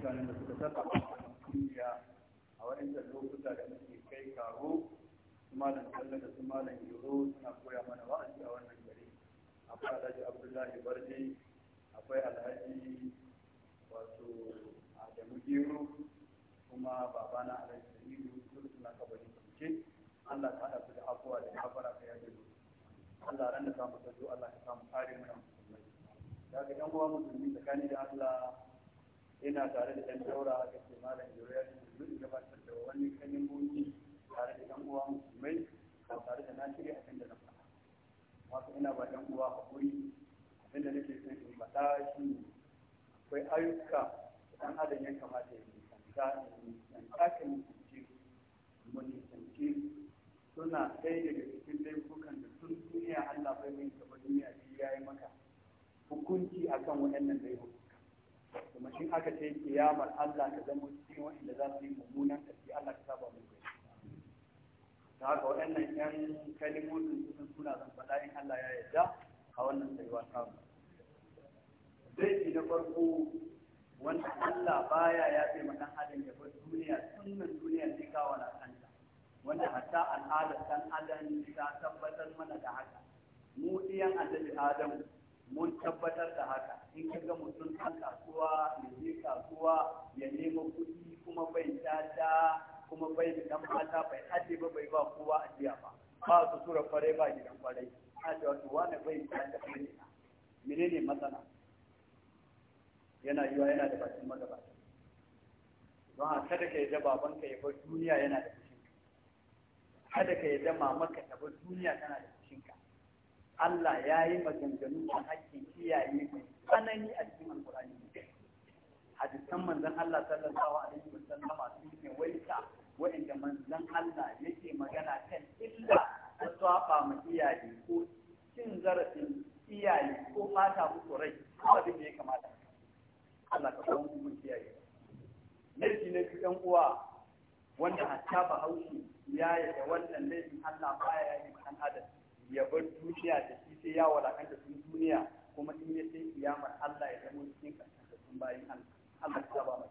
mutanen da suka saka kungiya a waɗanda lokuta da muke kai karo su malam talla da su malam yoro suna koya mana wa'azi a wannan gari akwai alhaji abdullahi barde akwai alhaji wato adamu gero kuma babana alhaji sa'idu duk suna kabari kuke allah ta haɗa su da abuwa da kafara ka yaje allah ran da samu tazo allah ka samu kare mana musulmai daga yan uwa musulmi tsakani da allah ina tare da ɗan daura a kake malam juriya da zai gabatar da wani kalmomi tare da ɗan uwa musulmai ba tare da na shirya abin da na faɗa wato ina ba ɗan uwa haƙuri abin da nake son in faɗa shi ne akwai ayyuka da ɗan adam ya kamata ya nisanta nisanta ka nisance mu nisance suna ɗaya daga cikin laifukan da sun duniya Allah bai mai taɓa duniya ya yi maka hukunci akan waɗannan laifukan kuma in aka ce kiyamar Allah ta zama cikin wanda za su yi mummunan kashi Allah ta saba mu kai ta haka waɗannan yan kalimomin sun suna zan faɗa in Allah ya yarda a wannan tsayuwa samu zai na farko wanda Allah baya ya ce ma adam ya bar duniya sunnan duniya ne kawo na kanta wanda hatta al'adar kan adam ta tabbatar mana da haka mu iyan annabi Adam mun tabbatar da haka in ka ga mutum a kasuwa ya je kasuwa ya nemo kuɗi kuma bai tata kuma bai da dan mata bai aje ba bai ba kowa ajiya ba ba su tura kwarai ba gidan kwarai a ce wato wani bai tata bai ne menene matsala yana yiwa yana da bakin magabata don a kada ka yadda babanka ya bar duniya yana da fushi kada ka yadda mamaka ta bar duniya tana da fushi Allah ya yi maganganu da hakkin kiyaye mai tsanani a cikin alkurani hadisan manzon Allah sallallahu alaihi wasallama su ne waita wa'inda manzon Allah yake magana kan illa ta tsafa ma iyaye ko cin zarafin iyaye ko fata musu rai ko abin da ya kamata Allah ka kawo mu iyaye nafi na ɗan uwa wanda hatta ba haushi ya yi da wannan laifin Allah baya yi ma'an ya bar duniya da shi sai ya walakanta sun duniya kuma in ya sai kiyamar Allah ya zama cikin sun bayan Allah Allah ta ba mai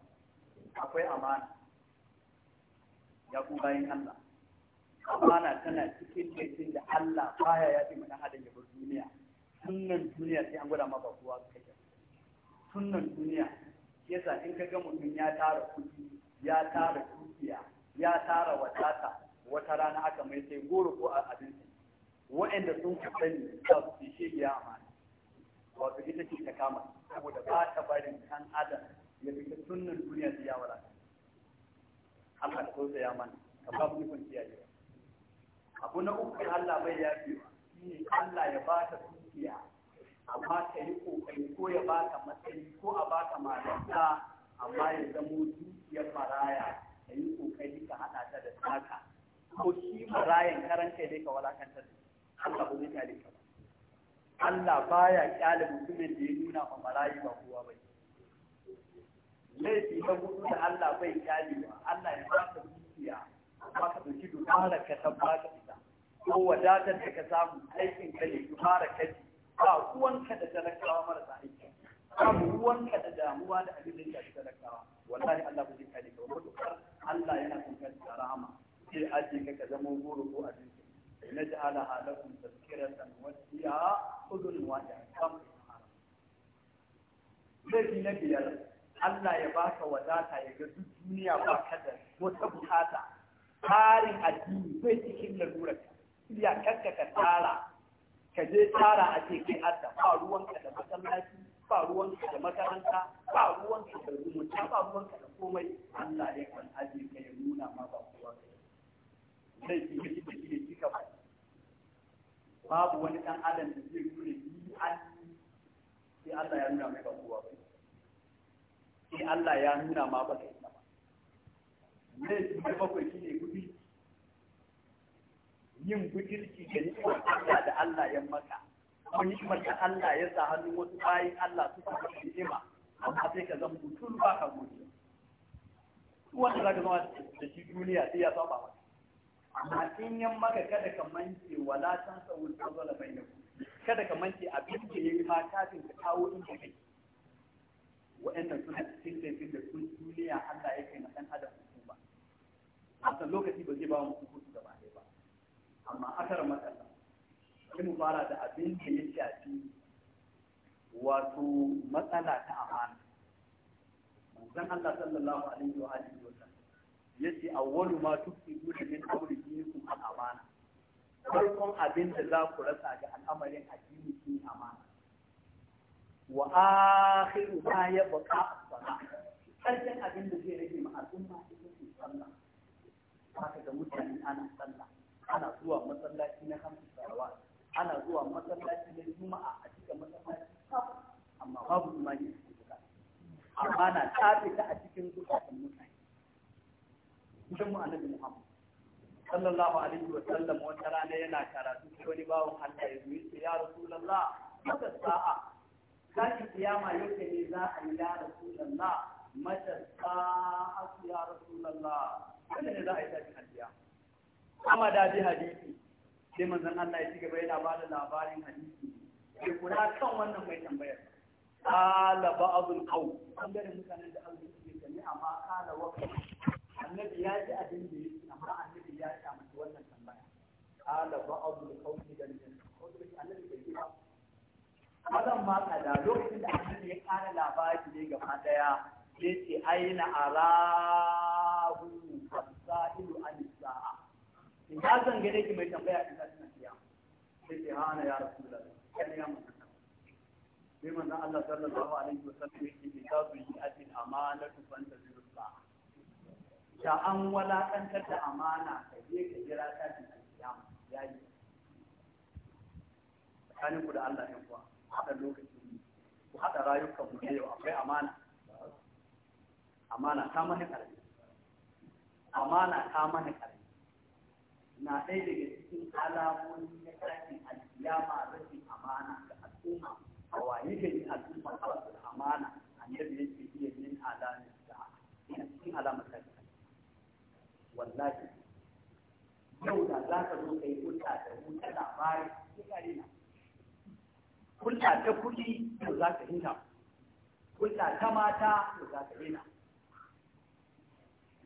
akwai amana ya ku bayan Allah amana tana cikin laifin da Allah baya ya fi mana hadin ya bar duniya sunnan duniya sai an gwada ma ba kowa kai sunnan duniya yasa in ka ga mutum ya tara kuɗi ya tara dukiya ya tara wadata wata rana aka mai sai goro ko abin abinci waɗanda sun ka sani za su fi shi biya amana wato ita ce ta kama saboda ba ta barin kan adam ya fita sunnan duniya ta yawara Allah da sosai ya mana ka ba mu kun kiyaye abu na uku Allah bai ya yafe shine Allah ya ba ta dukiya amma ka yi kokari ko ya ba ka matsayi ko a ba ka malanta amma ya zamo dukiyar maraya ka yi kokari ka haɗa ta da taka ko shi marayan karan kai dai ka walakantar da Allah ba zai kyale ka ba Allah baya kyale mutumin da ya nuna ma marayi ba kowa bai laifi na hudu da Allah bai kyale ba Allah ya baka dukiya ba ka dauki dubara ka san baka ita ko wadatar da ka samu aikin ka ne dubara ka ji ba ruwanka da talakawa marasa aiki ba ruwanka da damuwa da abin da ya fi talakawa wallahi Allah ba zai kyale ka ba Allah yana son ka da rahama sai aje ka ka zama goro ko abin لنجعلها لكم تذكرة وتسمعها أذن واحدة Laifi na biyar, Allah ya baka wadata ya ga duk duniya ba ka da wata bukata, tsarin addini zai cikin lalurar iyakarka ka tara ka je tara a ce kai adda ba ruwanka da masallaci, ba ruwanka da makaranta, ba ruwanka da zumunta, ba ruwanka da komai, Allah ya kan aje ka ya nuna ma ba kowa. Laifi na shi kawai babu wani dan adam da zai kure ni an sai Allah ya nuna mai kuwa ba sai Allah ya nuna ma ba kai ba ne kuma bakwai ne gudi yin gudurci da ni'imar Allah da Allah ya maka kuma ni'imar da Allah ya sa hannun wasu bayan Allah su kuma ima, amma sai ka zama mutum ba ka gode wanda za ka zama da shi duniya sai ya saba maka amma in yan maka kada ka mance wala san sa'ul da bainakum kada ka mance abin da yayi ma kafin ka kawo inda kai wa'annan suna cikin laifin da sun duniya Allah ya kai na dan adam hukuma a san lokaci ba zai ba mu hukunci ba dai ba amma akara matsala sai mu fara da abin da ya shafi wato matsala ta amana manzon Allah sallallahu alaihi wa alihi yace awwalu ma tuqiduna min amrikum al-amana farkon abin da za ku rasa ga al'amarin addini shi amana wa akhiru ma yabqa as-sala karshen abin da zai rage ma al'umma shi ce sallah haka da mutane ana sallah ana zuwa masallaci na hamsu sarawa ana zuwa masallaci na juma'a a cikin masallaci amma babu imani a cikin amana ta fita a cikin zukatan mutane gidan annabi Muhammad sallallahu alaihi wa sallam wata rana yana karatu sai wani bawon Allah ya zo yace ya rasulullah mata sa'a kashi kiyama yake ne za a yi ya rasulullah mata sa'a ya rasulullah kada ne za a yi tashin hadiya amma da bi hadisi sai manzon Allah ya ci gaba yana ba da labarin hadisi ke kula kan wannan mai tambayar قال بعض القوم mutanen da عند أبو جميع ما قال وقت annabi ya ji abin da yake amma annabi ya sha mace wannan tambaya qala ba'd al-qawmi da min annabi bai yi ba mazan ma kada lokacin da annabi ya kara labari ne gaba daya sai ce aina arahu fasailu an sa'a in ya san ne ki mai tambaya in zan tafiya sai ce hana ya da kan ya mun sai manzon Allah sallallahu alaihi wasallam yake bi tabi'atin amanatu fantazilu da an walakantar da amana ka je ka jira tashin alkiyama ya yi tsakanin ku da Allah ne kuwa haɗa lokacin mu ku haɗa rayukan mu da yau akwai amana amana ta mana ƙarfi amana ta mana ƙarfi na ɗaya daga cikin alamomi na tashin alkiyama rashin amana ga al'umma a waye gari al'umma ta amana a annabi yake iya yin alamin da cikin alamar ƙarfi wallahi yau da za ka zo ka yi hulɗa da mu ta labari ko kare na hulɗa ta kuɗi to za ka rena hulɗa ta mata to za ka rena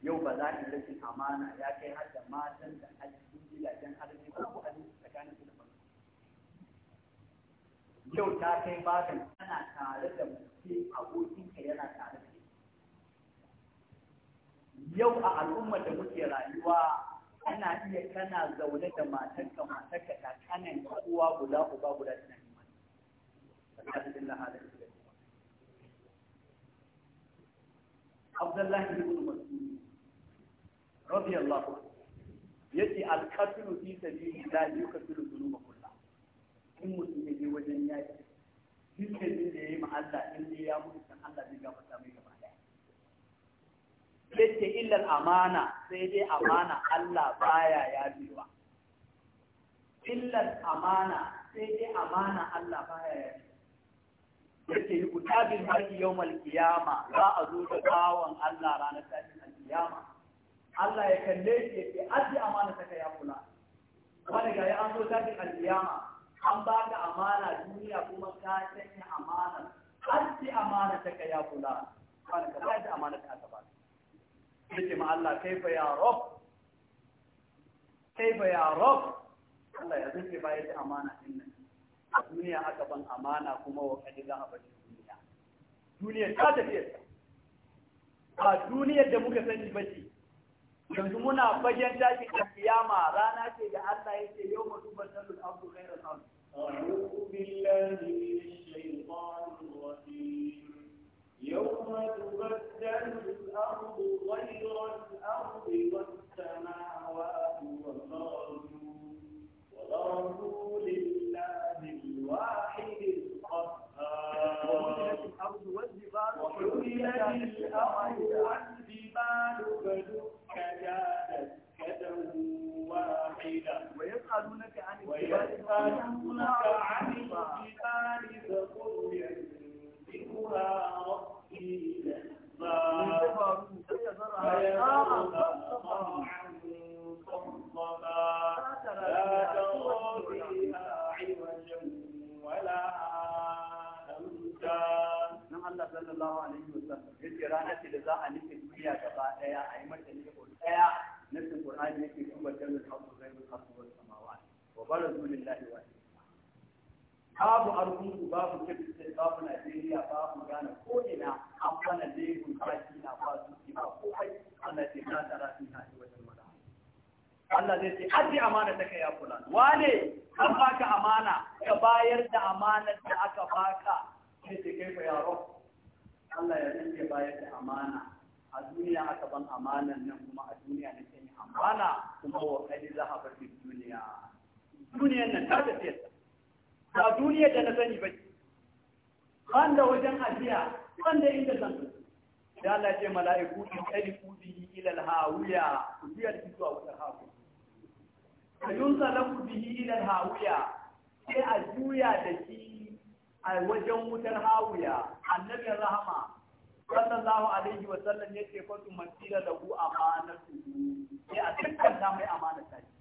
yau ba za ki rashin amana ya kai har da matan da a cikin gidajen arziki babu abinci tsakanin su da ba yau ta kai bakan tana tare da mutum abokinka yana tare yau a al'ummar da muke rayuwa ana iya kana zaune da matan ka ta kanan uwa guda uba guda tana imani Abdullahi ibn Mas'ud radiyallahu anhu yace al-qatlu fi sabilillah yukathiru dhunuba kullah in mutum ya wajen yaki duk da ya yi ma Allah in ya mutu san Allah zai gafarta mai yace illar amana sai dai amana Allah baya ya biwa illan amana sai dai amana Allah baya ya yace yi kutabin mar'i yawmal kiyama za a zo da bawan Allah ranar tashin alkiyama Allah ya kalle shi sai ce aji amana ta kai kula wani gari an zo tashin alkiyama an ba da amana duniya kuma ka sanya amana aji amana ta kai ya kula wani ga ba amana ta yake ma Allah kaifa ya rob kaifa ya rob Allah ya zuke ba da amana din nan a duniya aka ban amana kuma wa kaji za a bari duniya duniya ta tafiye a duniya da muka sani bace yanzu muna fagen tashin kiyama rana ce da Allah yake yau mutu batalul abdu an baka amana ka bayar da amanar da aka baka sai ta kai yaro Allah ya nake bayar da amana a duniya aka ban amanar nan kuma a duniya na yi amana kuma wa za a fi duniya duniyan nan ta tafi ta duniya da na sani ba ban da wajen ajiya ban da inda zan ya Allah ce mala'iku in kadi kudi ila al-hawiya kudiyar zuwa wata hawiya fa yunzalaku bihi ila hawiya sai a juya da shi a wajen wutar hawiya annabi rahama sallallahu alaihi wa sallam ya yace fa da masira lahu su, sai a tattanta mai amanata shi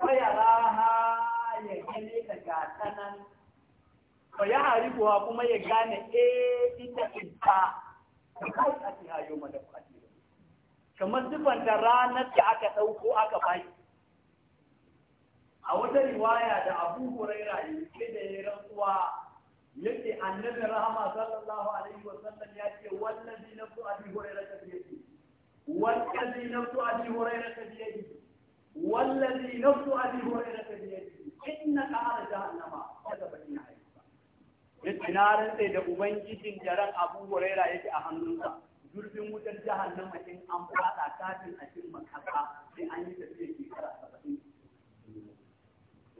fa yaraha ya gane ka gatanan fa ya harifuwa kuma ya gane eh ita ita kai a tihayo madafu kamar sifanta ranar da aka ɗauko aka baki a wata riwaya da abu huraira yake da ya rantsuwa yake annabi rahama sallallahu alaihi wa sallam ya ce wallazi nafsu abi huraira ta biyadi wallazi nafsu abi huraira ta biyadi wallazi nafsu abi huraira ta biyadi inna ala jahannama kada bakin haifa yace na rantse da ubangijin jaran abu huraira yake a hannunsa zurfin wutar jahannama in an fada kafin a cimma makasa, sai an yi tafiya shekara saba'in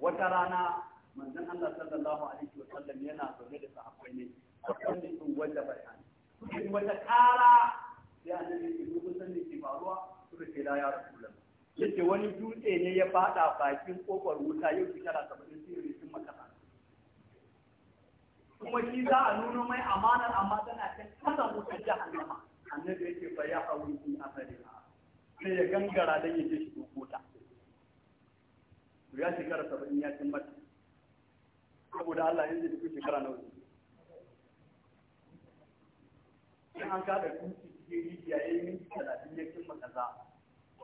wata rana manzon Allah sallallahu alaihi wa sallam yana zaune da sahabbai ne wanda sun wanda bayani kuma wata kara sai annabi ya zo san ne ke faruwa suka ce la ya rasulullah yace wani dutse ne ya fada bakin kofar wuta yau shekara 70 sai sun maka kuma shi za a nuno mai amanar amma tana kasan kasa wutar jahannama annabi yake bayyana wani hawi fi sai ya gangara dan yaje shi dokota to ya shekara saba'in ya cin mata saboda Allah ya yanzu da shekara nawa in an kada kuci cikin rijiya ya yi minti talatin ya cin mata za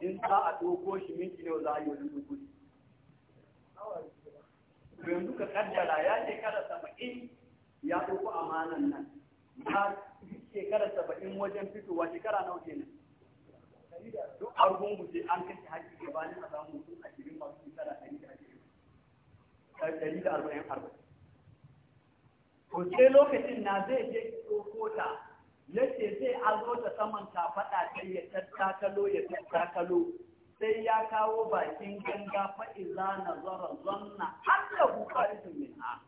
in za a ɗauko shi minti nawa za a yi wani lokaci yanzu ka kaddara ya shekara saba'in ya ɗauko amanan nan ya shekara saba'in wajen fitowa shekara na nawa kenan duk argon guje an kashe haƙƙi gabanin a samu mutum a shirin masu misala ɗari da ashirin ɗari da arba'in arba'in to sai lokacin na zai je ɗauko ta yace zai azo ta saman kafaɗa sai ya tattakalo ya tattakalo sai ya kawo bakin ganga fa'iza na zara zanna allahu qarisun minha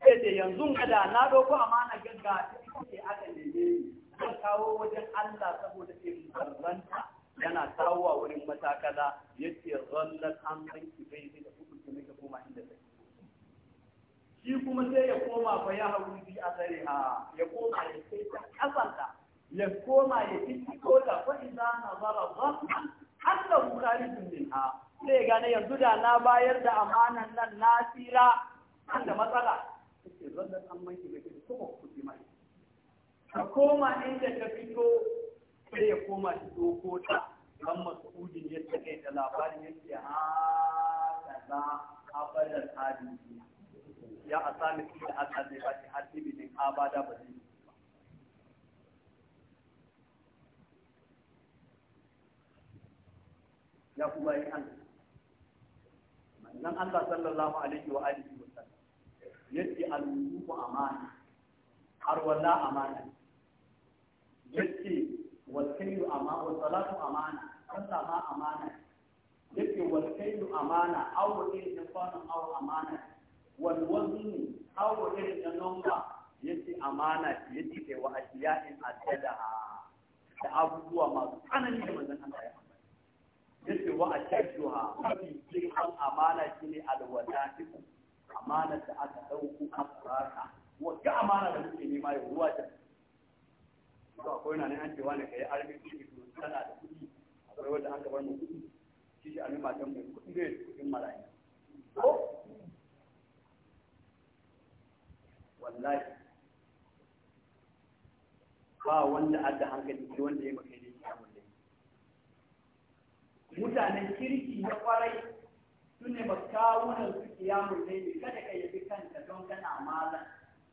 sai da yanzu kada na doko amana ganga ta ce aka neme ni zan kawo wajen Allah saboda in barranta yana kawo a wurin matakala ya ce zallar an banki bai da kudu kuma ta koma inda ta shi kuma sai ya koma fa ya hau bi a tsare ha ya koma ya sai ta kasanta ya koma ya fiti ko da fa iza na zara zan halla bukarijin min ha sai ya gane yanzu da na bayar da amanan nan na tsira an da matsala ta ce zallar an banki bai da kuma kudu ma ka koma inda ka fito sai ya koma shi doko ta dan mas'udin ya take da labarin ce ha da za abadan hadisi ya sami su da aka zai bashi hadisi ne bada ba zai ya kuma yi an manzon Allah sallallahu alaihi wa alihi wa sallam yace al-wudu amana har wala amana ce amma wa salatu amana sallah ma amana yake wal kaidu amana aw wa irin da aw amana wal wazni aw wa irin da yake amana yake kai wa asiya'in adadaha da abubuwa masu tsanani da manzon Allah ya yake wa ashadduha mafi girman amana shine alwada'iku amana da aka dauko aka wa ga amana da muke nema ya ruwa da ba akwai na ne an ce wani kai arbi ciki to tana da kuɗi akwai wanda an bar mu kuɗi shi shi amin matan mai kuɗi ne kuɗin marayu ko wallahi ba wanda adda hankali sai wanda ya makai ne ya mulle mutanen kirki na kwarai su ne ba kawunan su kiyamun ne kada ka yabi kanka don kana malam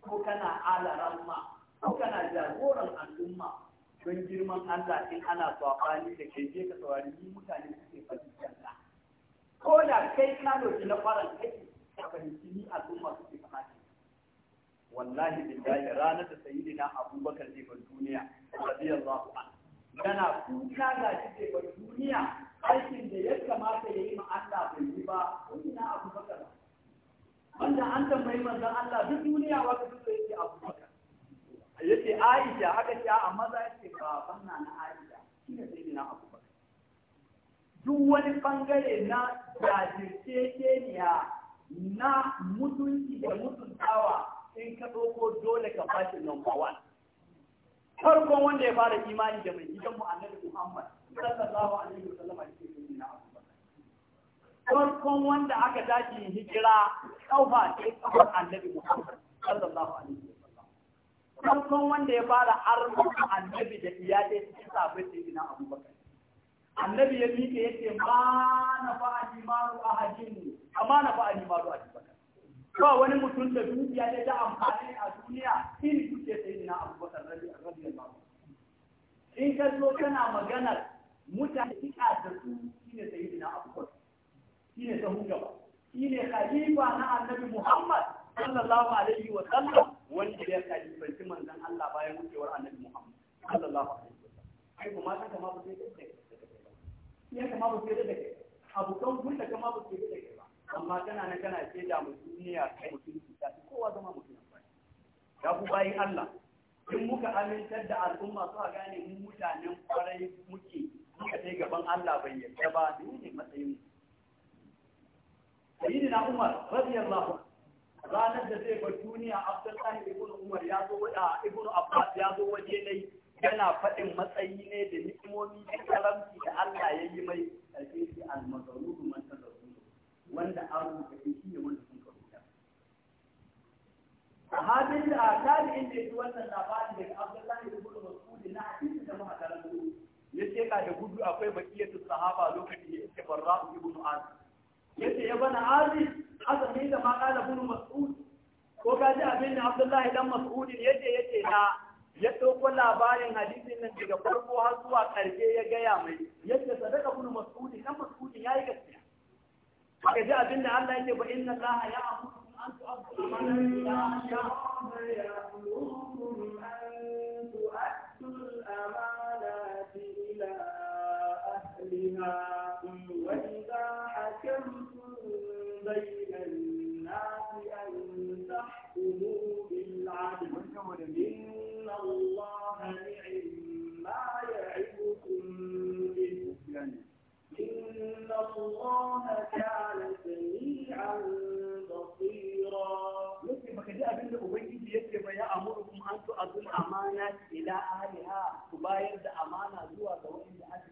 ko kana alaran ma ko kana jagoran al'umma don girman Allah in ana saɓani da ke je ka saurari ni mutane suke fahimtar da ko da kai ka doki na faran kai ka fahimci ni al'umma suke fahimci wallahi billahi ranar da sayyidina abubakar zai bar duniya radiyallahu anhu yana kuka ga shi zai bar duniya aikin da ya kamata ya yi ma Allah bai yi ba kun ina abubakar wanda an tambayi manzon Allah duk duniya wata Aisha haka ce a maza ce baban na na Aisha shi ne sai na Abu Bakar duk wani bangare na jajirceceniya na mutunci da mutuntawa in ka ɗauko dole ka bashi number one farkon wanda ya fara imani da mai gidan mu annabi Muhammad sallallahu alaihi wa sallam shi ne na Abu Bakar farkon wanda aka dace hijira kaufa ce kafar annabi Muhammad sallallahu alaihi farkon wanda ya fara arma annabi da iyalai cikin sabai sai ina abubakar annabi ya miƙe yake ma na fa'a limaru a hajjin amma na fa'a limaru a jibakar ba wani mutum da dukiya ne da amfani a duniya shi ne duke sai ina abubakar rabi a rabi in ka zo kana maganar mutane kika da su ne sai ina abubakar shine sahun gaba ne khalifa na annabi muhammad sallallahu alaihi wa sallam wanda ya kalifanci manzon Allah bayan wucewar annabi Muhammad sallallahu alaihi wa sallam ai kuma san ma ba sai da ya kuma ba sai da kai abokan hulɗa kuma ba sai da kai ba amma kana nan kana ce da mu duniya kai mutum ta kowa zama mutum ya ku bayin Allah in muka amintar da al'umma suka gane mu mutanen kwarai muke muka kai gaban Allah bai yarda ba dole ne matsayin mu sayyidina Umar radiyallahu anhu ranar da zai bar duniya abdullahi ibn umar ya zo a ah, ibn abbas ya zo waje ne yana faɗin matsayi ne da ni'imomi da karamci da Allah ya yi mai ƙarfi shi al-mazruru man tazarru wanda an rubuta shi ne wanda sun karuta hadin da ah, tabi'in inda yake wannan labarin daga abdullahi ibn mas'ud na hadisi da muka karanto ya ce ka da gudu akwai bakiyatu sahaba lokacin da ya barra ibn azib yace ya bana azi aka mai da ma kala bunu mas'ud ko ka ji abin da abdullahi dan mas'ud yace yace na ya doko labarin hadisin nan daga farko har zuwa karshe ya gaya mai yadda sadaka bunu mas'ud dan mas'ud ya yi gaskiya aka ji abin da Allah yake ba inna Allah ya amuru an ya amuru an tu'addu ila ahliha بين الناس أن تحكموا بالعدل إن الله نعم ما يعظكم به إن الله كان سميعا بصيرا yake baka ji abin da ubangiji yake ba ya amuru kuma an su azul amana ila ahliha ku bayar da amana zuwa ga wanda aka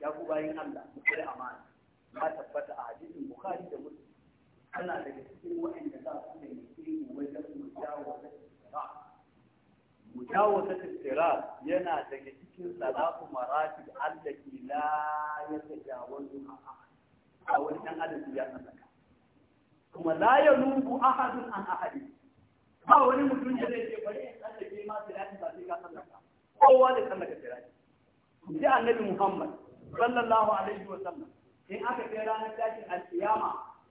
ya ku bayin Allah ku kare amana kyawun ta yana daga cikin salafu marafi Allah la ya tafiya wani a wani adam ya tsaka. Kuma la ya nubu ahadun an ahadi. Ba wani mutum da zai ce bari ya tsallake ma su yaki ba sai ka tsallaka. Kowa da tsallaka tsiraki. Ji annabi Muhammad sallallahu alaihi wa sallam. In aka kai ranar tashin al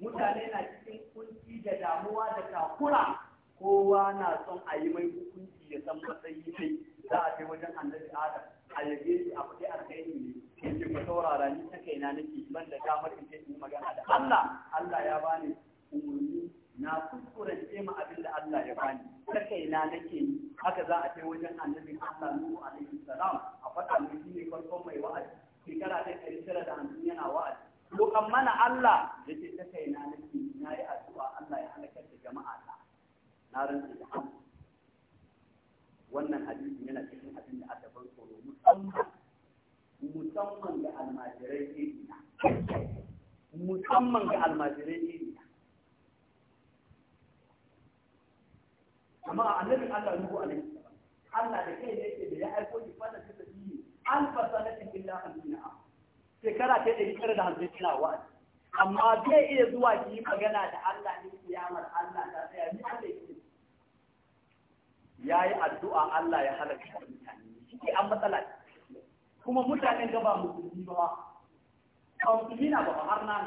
mutane na cikin kunci da damuwa da takura. kowa na son a yi mai hukunci ya san matsayi sai za a kai wajen annabi adam a yage shi a kudi alkhairi ne ke ce ku saurara ni ta kaina nake ban da damar in ce in magana da Allah Allah ya bani umurni na kuskurance ma abin da Allah ya bani ta kaina nake haka za a kai wajen annabi Allah Nuhu alaihi salam a faɗa mu shi farkon mai wa'azi shekara ta ɗari tara da hamsin yana wa'azi to mana Allah yake ce ta kaina nake na yi harin da wannan hadisi yana cikin abin da aka bar tsoro musamman musamman ga almajirai irina musamman ga almajirai irina amma annabi Allah nuhu alaihi Allah da kai ne ke da ya aiko shi fata ta tafi alfa sanatin illa hamsina shekara ta ɗari tara da hamsin ina wa'azi amma zai iya zuwa ki magana da Allah ne kiyamar Allah ta tsaya ni Allah ya yi addu'a Allah ya halaka shi an matsala kuma mutane gaba musulmi ba musulmi na ba har nan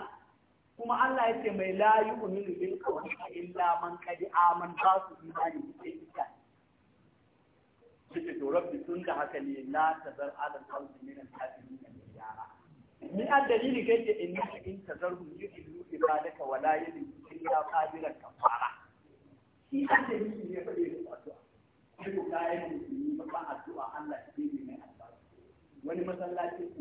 kuma Allah ya ce mai layu uminu bin kawai illa man kadi aman ba su imani su kai ita suke to rabbi tun da haka ne la tazar alal kawai min al-kafirin da yara ni a dalili kai ce in in ba da ka wala yadu illa qadiran kafara shi a dalili ne fa da addu'a sai kayan musulmi ba ba addu'a Allah shi ne mai albarka wani masallacin ku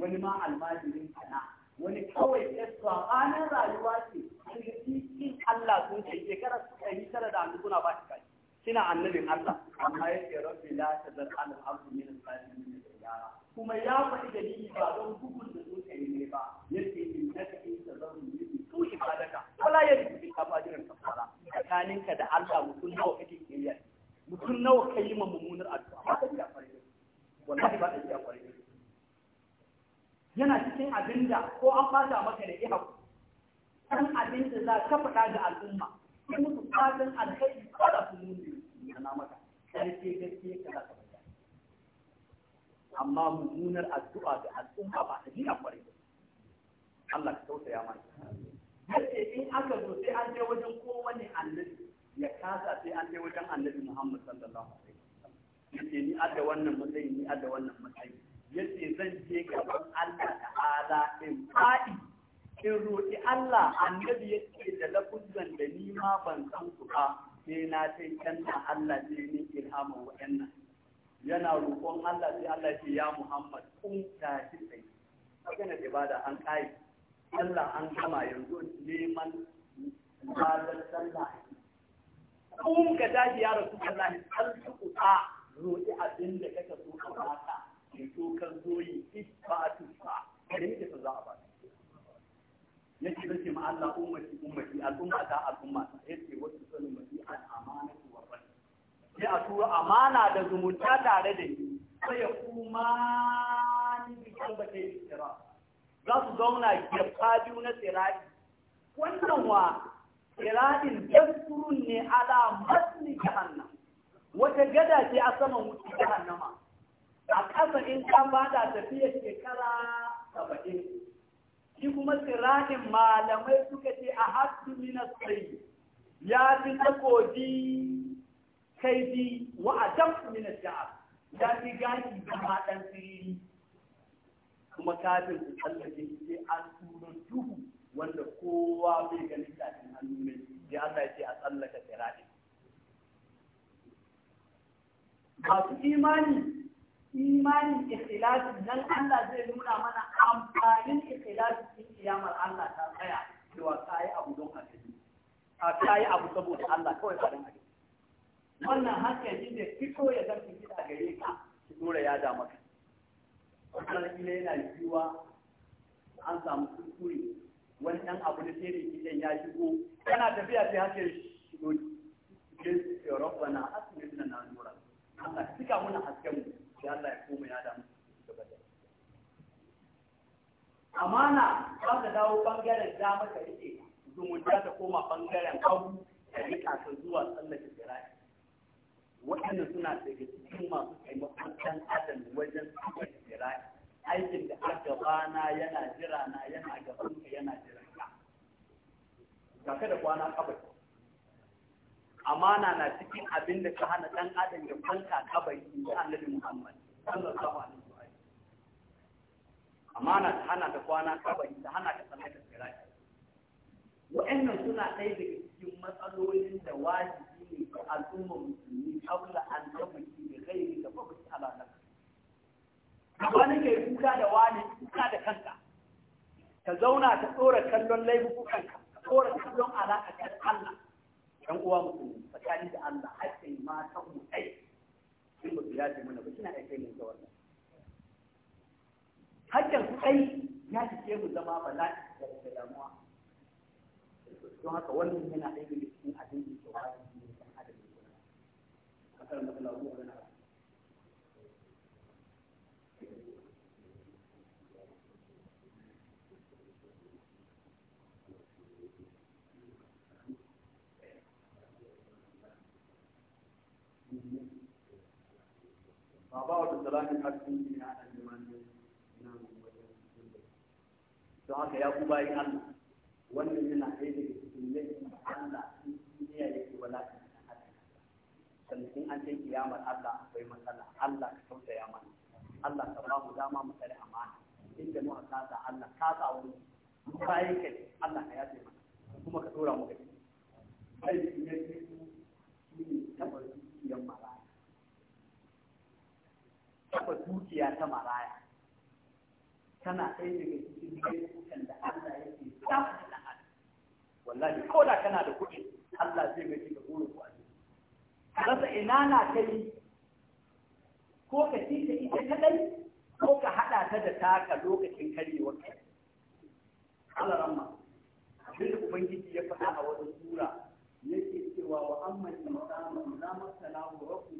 wani ma almajirin kana wani kawai ya sabanin rayuwa ce sun cikin Allah sun ce shekarar ɗari tara da hannu suna ba shi kai suna annabin Allah amma ya ce rabbi la tazar al ardu min al-zalimin yara kuma ya faɗi dalili ba don bugun da sun kai ne ba yace in naka in tazaru bi su ibadaka wala yadda bi kafajiran kafara tsakaninka da Allah mutum nawa kake mutum nawa ka yi ma mummunar addu'a ba ta iya kwarai wallahi ba ta iya kwarai yana cikin abin da ko an fata maka da iya kan abin da za ka faɗa ga al'umma ko musu fatan alkhairi ba da su nuni ana maka karfe gaske ka za ka faɗa amma mummunar addu'a ga al'umma ba ta iya kwarai Allah ka tausaya mana yace in aka zo sai an je wajen kowane annabi ya kasa sai an kai wajen annabi Muhammad sallallahu alaihi wasallam yace ni adda wannan matsayi ni adda wannan matsayi yace zan je gaban Allah ta'ala in fa'i in roƙi Allah annabi yace da lafuzan da ni ma ban san ku ba sai na sai kanna Allah sai ni wa wa'annan yana roƙon Allah sai Allah ce ya Muhammad kun tashi tsaye magana ibada an kai Allah an gama yanzu neman malar sallah kun ka tashi ya rasu Allah an tuku ka roƙi abin da kaka so ka mata, ke so ka zoyi ba tu ka. kare yake so za a ba yake da ce ma Allah ummati ummati al'umma ta al'umma ta yace wasu sanin mati an amana wa rabbi Ya a tura amana da zumunta tare da ni sai ya kuma ni bi kan ba kai za su zauna gefa fadi na tsira wannan wa Kiraɗin yadkurun ne ala matni hannu. wata gada ce a saman wuce jahannama a ƙasa in ka bada tafiya shekara saba'in shi kuma siratin malamai suka ce a hatu minas sai ya fi takobi kaifi wa a dan minas ja'ar ya fi gashi ga ɗan siriri kuma kafin su tsallake sai an turo duhu wanda kowa bai ganin tafin hannu ne sai Allah ya ce a tsallaka sirati masu imani imanin ikhlasi don Allah zai nuna mana amfanin ikhlasi cikin kiyamar Allah ta tsaya cewa yi abu don addini a yi abu saboda Allah kawai ba don addini wannan hankali ne fito ya zarfi gida gare ka ki dora ya da maka wannan kila yana yiwuwa an samu kuskure wani ɗan abu da sai da gidan ya shigo kana tafiya sai hake shi ke Europa na asibiti na nura Allah ka muna hasken mu sai Allah ya koma ya da mu da amana za ka dawo bangaren dama ka rike zumunta ta koma bangaren hagu da rika ta zuwa tsallake tsirrai waɗannan suna daga cikin masu taimakon ɗan adam wajen da tsirrai aikin da aka bana yana jira na yana ka yana jira ka ga kada kwana kabari amana na cikin abin da ka hana dan adam ya kwanta kabari in ji annabi muhammad sallallahu alaihi wa amana ta hana ta kwana kabari ta hana ta sanar da tsiraki wa'annan suna ɗaya daga cikin matsalolin da wajibi ne ga al'ummar musulmi da an tabbaci da kai da babu ala nafsi wani ke kuka da wani kuka da kanka ka zauna ka tsora kallon laifukan ka tsora kallon alaƙa ta Allah dan uwa musulmi tsakani da Allah haƙƙin mata mu kai in ba su yaje mana ba kina mun ga wannan haƙƙin kai ya cike mu zama bala'i da damuwa don haka wannan yana aiki cikin abin da ke wani ne kan adam ne kuma ba ba wata salamin hasken ne a nan liman nan wajen don haka ya ku bayan Allah wannan yana ɗaya daga cikin laifin Allah in duniya yake wala sannan an ce kiyamar Allah akwai matsala Allah ka tausaya mana Allah ka ba mu dama mu tsare amana inda mu kasa Allah ka sa mu bayan ka ne, Allah ka yafe mana kuma ka dora mu gaba ai ne ne ne tabbacin yamma taba dukiya ta maraya tana ɗaya daga cikin laifukan da Allah yake samu da ɗan adam wallahi ko da kana da kuɗi Allah zai gaji da burin ku a rasa ina na kai ko ka ci ta ita kadai ko ka haɗa ta da taka lokacin karyewar kai Allah ramma abin da ubangiji ya faɗa a wani sura yake cewa wa amma insanu idza masalahu rabbuhu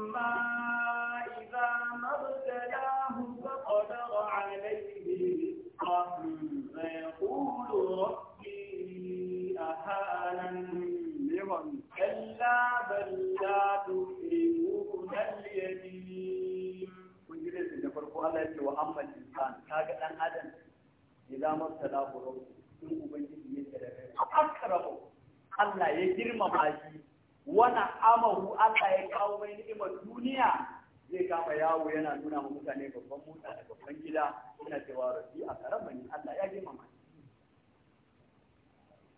idza masalahu rabbu in ubangiji ya a akrabu Allah ya girmama shi wana amahu Allah ya kawo mai ni'imar duniya zai kama yawo yana nuna wa mutane babban mota da babban gida yana cewa rabbi a karamani Allah ya girmama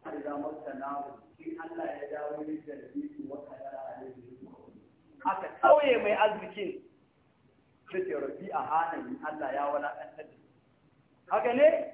shi idza masalahu in Allah ya dawo da rabbi wa kadara alaihi aka kauye mai arzikin sai rabbi a hanan Allah ya wala kan haka ne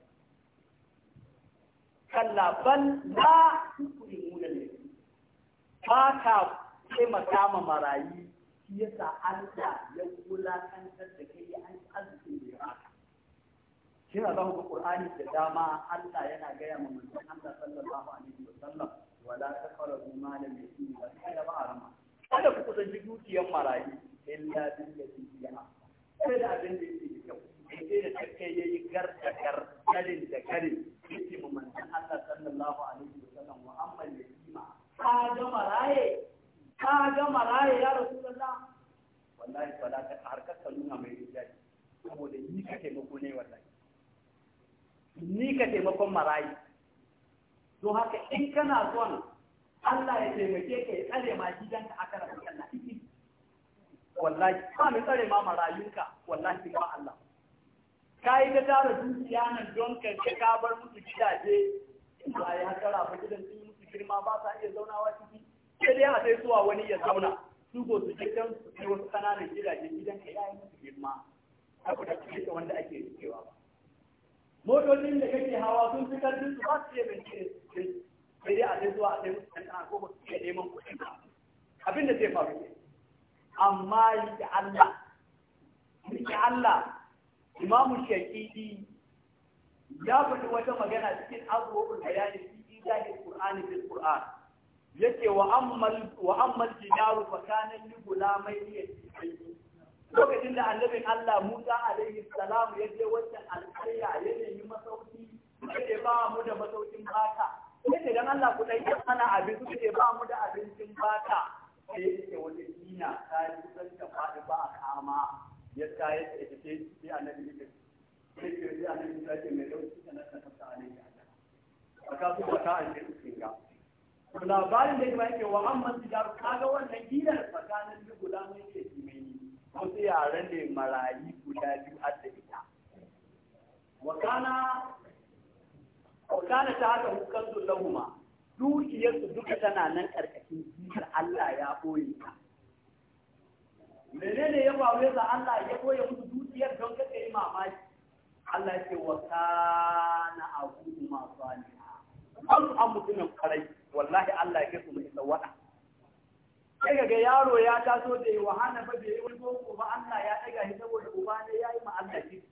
kalla bal la tukrimuna al-yatim ba ka taimaka ma marayi shi yasa Allah ya wulakantar da kai an arzikin da ya baka shin a zahu Qur'ani da dama Allah yana gaya ma manzon Allah sallallahu alaihi wa sallam wala taqrabu mal al-yatim wa kada ba arama kada ku kusanci dukiyar marayi illa billati hiya sai da abin da yake da kyau sai da take yayi gar da gar da garin yake Allah sallallahu alaihi maraye ka maraye ya rasulullah wallahi ni ka taimakon maraye don haka in kana son Allah ya taimake ka ya tsare ma gidanka wallahi ba mai tsare ma marayunka wallahi ba Allah ka yi ta tara dukiya nan don ka ka bar musu gidaje ba ya hakara ba gidan sun musu girma ba sa iya zaunawa ciki sai dai a sai zuwa wani ya zauna su go su je su kai wasu kananan gidaje gidan ka yi musu girma haka da kike wanda ake cewa ba motocin da kake hawa sun fi karfin su ba su iya bincike sai dai a sai zuwa a sai musu kan ko ba su iya neman kuɗi ba abin da zai faru ne amma yi da Allah yi da Allah imamu shaƙiƙi ya faɗi wata magana cikin abubuwan bayani fi idahin qur'ani bil qur'an yake wa ammal wa ammal dinaru fa kana li gulamaini lokacin da annabin Allah Musa alaihi salam ya je wannan alƙarya ya nemi masauki yake ba mu da masaukin baka yake dan Allah ku dai mana abin su ke ba mu da abincin baka sai yake wata dina ta yi kusan ta faɗi ba a kama ya tsaye da ita ce sai annabi ya sai ke sai annabi ya ce mai dauki sanar da kasa ya a ka su ka an ce cikin ga labarin da ya yake wa amman tijar ga wannan gidan tsakanin duk guda mai ke kimani wasu yaran ne marayi guda biyu har da ita wakana wakana ta haka hukan zullahuma dukiyarsu duka tana nan karkashin jikar Allah ya boye ta menene ya faru yasa Allah ya koya musu dukiyar don kake yi mamaki Allah ya ce wa kana abu ma saliha an an mutumin karai wallahi Allah ya kai su mai sawada sai ga yaro ya taso da wahala ba bai yi wani boko ba Allah ya daga shi saboda uba ne yayi ma Allah shi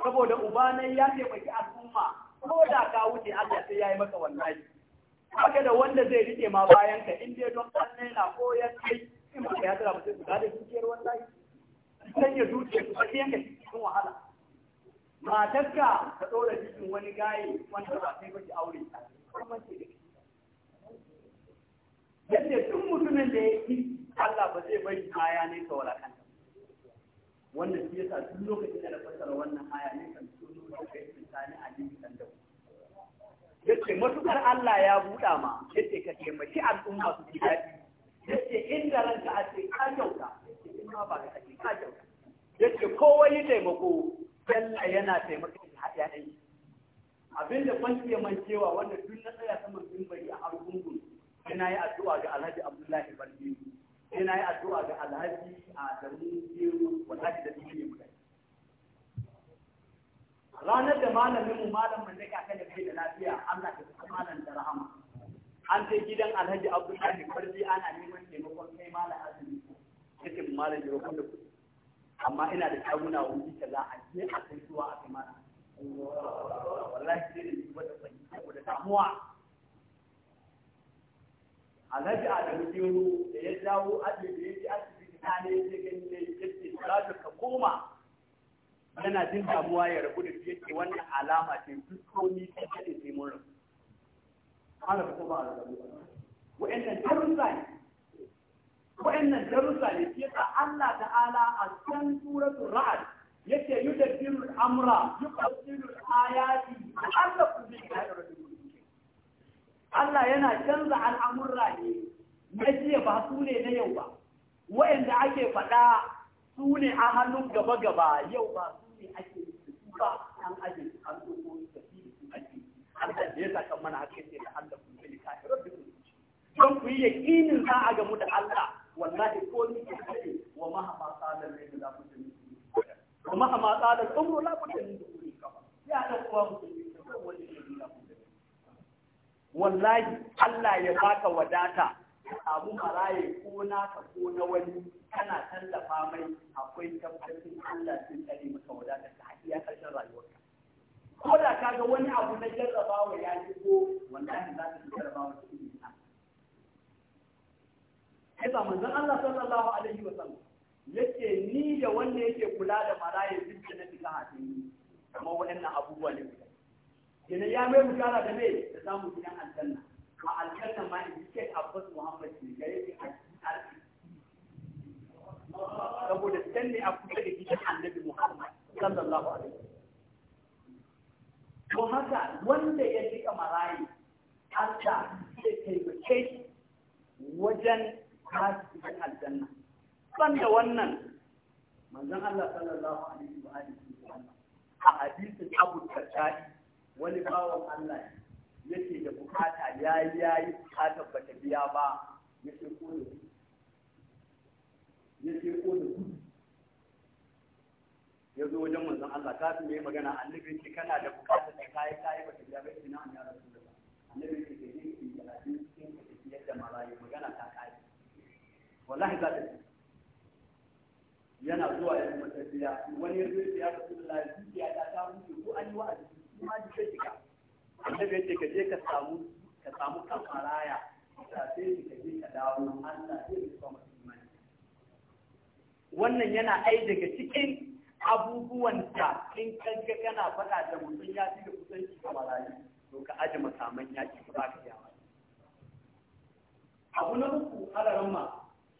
saboda uba ne ya taimaki al'umma ko da ka wuce Allah sai yayi maka wallahi kake da wanda zai rike ma bayan ka in dai don Allah yana koyar kai in ba ya tara mutum guda da dukiyar wallahi sanya dukiyar su sai yanka cikin wahala matarka ta ɗora cikin wani gaye wanda ba sai ba ki aure ta kuma ce da yadda duk mutumin da ya yi Allah ba zai bari haya ne ka wala kanta wannan shi yasa duk lokacin da na fassara wannan haya ne kan tuno da kai tsani a jin kan da yace matukar Allah ya buɗa ma yace ka taimaki al'umma su ji daɗi yace inda ranka a ce ka kyauta yace in ma ba ka ce ka kyauta yace kowa yi taimako yalla yana taimakon da hadiya dai abin da ban ya man cewa wanda tun na tsaya saman mimbari a har gungun ina yi addu'a ga Alhaji Abdullahi Barbi yana yi addu'a ga Alhaji Adamu Jeru wallahi da tsini mu ranar da malamin mu malam mallaka kan da kai da lafiya Allah ta kuma malam da rahama an je gidan alhaji abdullahi farji ana neman taimakon kai mala azumi cikin malam mala jiro kun da kuɗi amma ina da shaguna wa ta za a je a kai zuwa a kai mana wallahi sai da jiwa da sanyi da damuwa alhaji adamu jiro da ya dawo ajiye da ya ji asibiti ta ne ya gani ne ya ce za su ka koma yana jin damuwa ya rabu da shi yake wannan alama ce duk komi ta kaɗe sai ana ba kuma a wa'annan darussa ne wa'annan darussa ne shi yasa Allah ta'ala a can suratul ra'd yake yudabbiru al-amra yuqaddiru al-ayati la'allakum tahtadun Allah yana canza al'amurra ne na jiya ba su ne na yau ba wa'anda ake faɗa su ne a hannun gaba-gaba yau ba su ne ake yi ba an ajiye an Allah ne ya mana haka da Allah kun bi rabbi don ku yi yakinin za a gamu da Allah wallahi ko ni ke wa maha ma tsalar ne da ku wa umru la ku ku ka ya da ku da ku wallahi Allah ya baka wadata abu maraye ko naka ko na wani kana tallafa mai akwai tabbacin Allah sun tsare maka wadata ta hakiya karshen rayuwarka ko da ka ga wani abu na jarrabawa ya shigo wallahi za ta fi jarrabawa cikin nisa sai ba manzon Allah sallallahu alaihi wa sallam yake ni da wanda yake kula da maraye duk na fita hatimi kamar waɗannan abubuwa ne kina ya mai bukara da me da samu gidan aljanna a aljanna ma in ce Abbas Muhammad ne ga yake a saboda dan ne a kusa da gidan Annabi Muhammad sallallahu alaihi To haka wanda ya jika marayi, Allah ya taimake shi wajen da aljanna. Banda wannan, manzon Allah sallallahu alaihi wa alihi wa sallam a hadisin Abu wani bawan Allah yake da bukata ya yi bukatar bata biya ba ya ce ko da gudu ya zo wajen manzon Allah ka su mai magana annabi ce kana da bukatar da kai kai ba ta biya ba ina an ya rasu da ba annabi ce ke yi ki da lafiya cikin ka tafi yadda marayu magana ta kai wallahi za ta yana zuwa ya kuma tafiya wani ya zo ya Rasulullahi zuciya ta ta mutu ko an yi wa'azi kuma ji sai shiga annabi ya ce ka je ka samu ka samu kan maraya ka sai ka je ka dawo Allah zai rufa kuma wannan yana ai daga cikin abubuwan da in kanka kana faɗa da mutum ya fi da kusanci ga marayu to ka aje makaman yaƙi ba ka yawa abu na uku alarin ma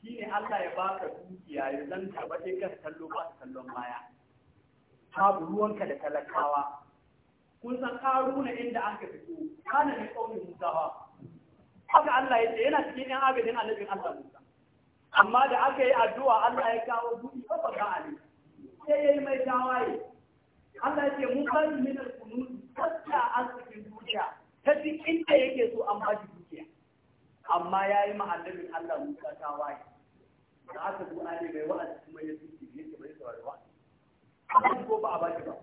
shine Allah ya baka dukiya ya zan karɓa sai ka kallo ba ka kallon baya babu ruwanka da talakawa kun san karuna inda aka fito kana ne kaunin Musa haka Allah ya ce yana cikin yan abidin annabin Allah Musa amma da aka yi addu'a Allah ya kawo buɗi ba ba ga ali sai ya yi mai tawaye Allah ya ce mun bari min al-kunuz tsaka arzikin dukiya ta duk inda yake so an ba shi dukiya amma ya yi ma'allabin Allah mun ka tawaye da aka zo ne mai wa'azi kuma ya tuki ne kuma ya saurari wa'azi ko ba a ba shi ba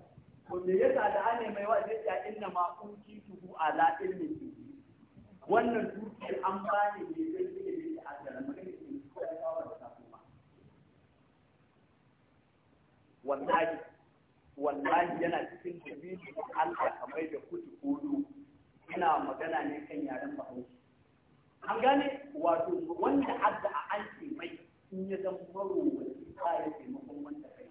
to me yasa da ane mai wa'azi ya inna ma kunti tuhu ala ilmi wannan dukiyar an bani ne sai wallahi wallahi yana cikin dalilin Allah kamar da kutu kudu ina magana ne kan yaren bahaushe an gane wato wanda hadda a an ce mai in ya zama marowaci ta ya taimakon wanda kai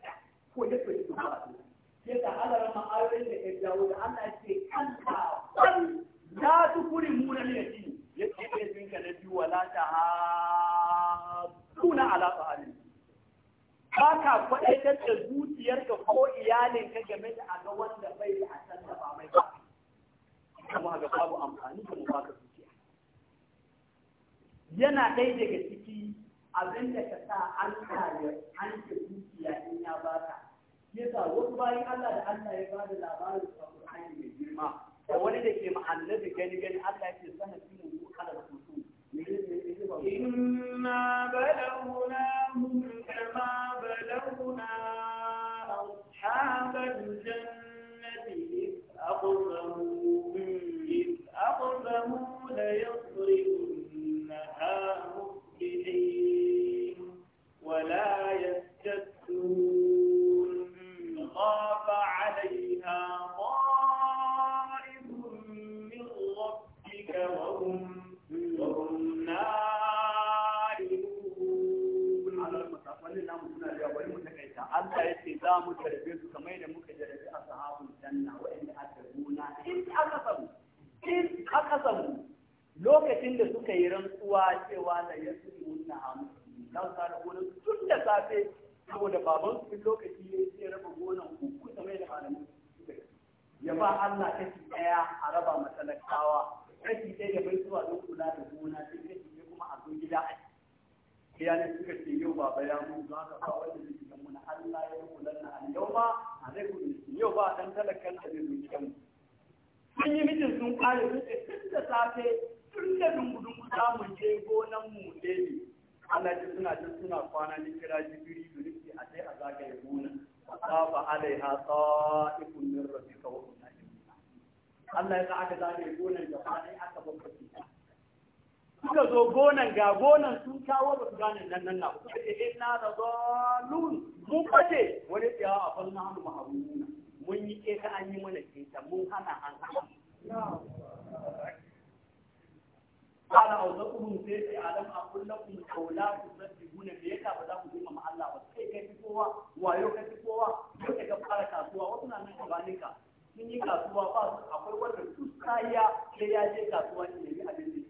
ko ya kai su ba su sai da halarar ma'ayoyin da ya jawo da Allah ce kan kafan ya tukuri muna ne ya ya ce ɗaya sun ka na biyu wala ta ha kuna alaƙa halin ba ka kwaɗaitar da zuciyarka ko iyalinka game da aga wanda bai da a san da ba mai ba kuma ga babu amfani da mu baka zuciya yana ɗaya daga ciki abin da ka sa an kare an ce zuciya in ya baka yasa wasu bayan Allah da Allah ya ba da labarin sa Qur'ani mai girma da wani da ke ma'annabi gani gani Allah ya ce sanin mu ala kutu inna balawna na kama Aleluia. za mu tarbe su kamar yadda muka jarabi a sahabun janna wa'inda aka gona in aka samu in aka samu lokacin da suka yi rantsuwa cewa da ya su yi wunna hamu za su tara tun da safe saboda baban su lokaci ne sai raba gonar uku kamar da malamin ya ba Allah kashi ɗaya a raba matalakawa kashi ɗaya da bai zuwa don kula da gona sai kashi ɗaya kuma a zo gida a ya ne suka ce yau baba ya mun za ka ba wanda zai Allah ya rubulan na al-yawma alaikum miskin yau ba dan talakan da zai zuci kan sun yi mijin sun kare sun ce tun da safe tun da dungu-dungu za mu je gonan mu ne Allah ya suna jin suna kwana ni kira jibiri da nake a sai a zagaye gona fa alaiha sa'ifun min rabbika wa inna Allah ya sa aka zagaye gonan da fadai aka babbace ta suka zo gonan ga gonan sun kawo ba su gane nan nan na suka ce inna da zalun mun fashe wani tsayawa a falon hannu mahabubuna mun yi keta an yi mana keta mun hana an hana ala au zakum sai adam a kullakum qawla tusaddiquna bi yaka ba za ku yi ma Allah ba sai kai kowa wayo kai kowa sai ka fara kasuwa wasu na nan ne ba nika sun yi kasuwa ba akwai wanda suka ya sai ya je kasuwa ne ya yi abinci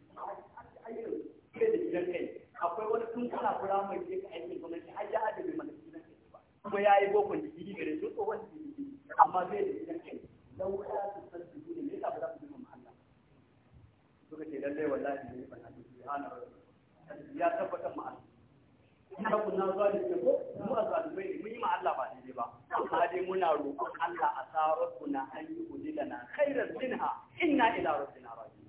ayyuka sai da gidan kai akwai wanda tun kana fara mai je ka aiki gwamnati har ya adabi mana kuma ya yi boko bokon digiri gare shi tsohon digiri amma zai da gidan kai dan ya su san su ne yasa ba za su girmama Allah suka ce lallai wallahi ne ba na subhana rabbi ya tabbatar ma Allah kuma kun na zuwa da ko mu a zalimai ne mun yi ma Allah ba daidai ba amma dai muna roƙon Allah a sarafuna an yi udilana khairan minha inna ila rabbina raji'un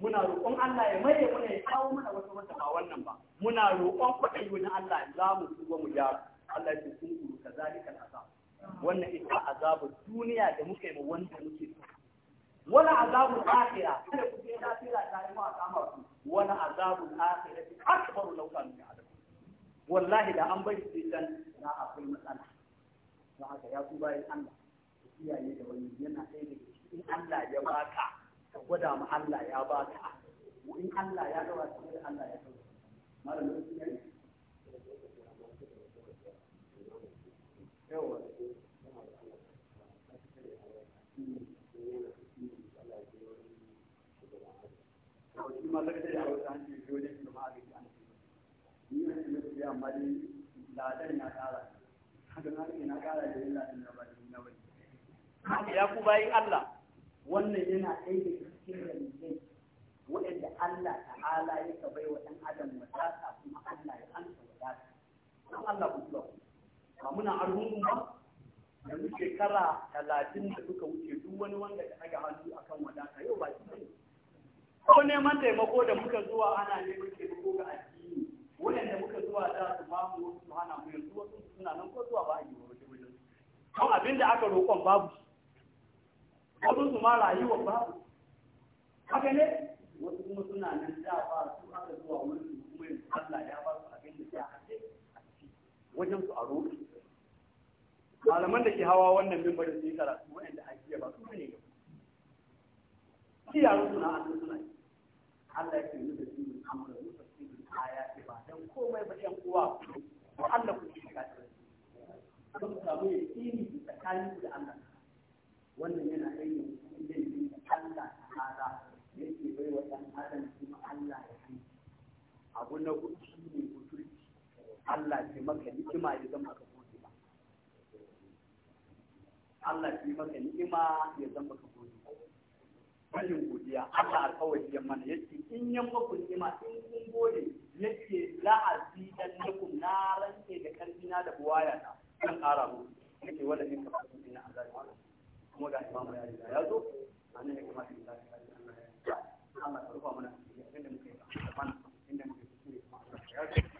muna roƙon Allah ya maye muna ya kawo mana wata wata ba wannan ba muna roƙon kuɗi na Allah za mu tuba mu gyara Allah ya ce sun guru ka zalika azab wannan ita azabar duniya da muke mu wanda muke wala azabul akhira kada ku je lafira ta yi ma kama ku wala azabul akhira akbaru law kanu ya'lamun wallahi da an bari sai dan na akwai matsala don haka ya ku bayin Allah iyaye da wani yana ɗaya daga in Allah ya baka ka gwada mu Allah ya baka in Allah ya gaba sai Allah ya gaba malamin sun yi ya ku bayin Allah wannan yana ɗaya da cikin dalilai waɗanda Allah ta'ala ya bai wa ɗan adam wadata kuma Allah ya amsa wadata don Allah ku zuwa ba muna arhungun ba yanzu shekara talatin da suka wuce duk wani wanda ka ɗaga hannu akan wadata yau ba shi ne ko neman taimako da muka zuwa ana neman taimako ga addini waɗanda muka zuwa da su ba mu wasu hana mu yanzu wasu suna nan ko zuwa ba a yi wa wajen wajen don abin da aka roƙon babu wasu su ma rayuwar babu haka ne wasu kuma suna nan da ba su aka zuwa wurin kuma yanzu Allah ya ba su abin da ya haɗe a cikin wajen su a roƙi malaman da ke hawa wannan mimbarin su yi karatu waɗanda ajiya ba su ne ba shi yaro suna a sun suna yi. Allah ya kiri da jini amma mu tafsirin aya ba dan komai ba ɗan uwa ko Allah ku shi ka tsare don ku samu ya kiri tsakanin da Allah wannan yana aiki cikin da Allah ta'ala yake bai wa ɗan adam kuma Allah ya kai abu na shi ne kuturci Allah ce maka hikima ya zama ka Allah shi maka ni'ima ya zan maka godiya rashin godiya Allah alkawari ya mana yake in yan maku ni'ima in kun gode yake la'azi dan lakum na rantse da karfi na da buwaya na kan ƙara mu yake wala in ka fasu ina wani. kuma ga imamu ya riga ya zo annabi kuma in da Allah ya Allah ya rufa mana inda muke da mana inda muke da kuma Allah ya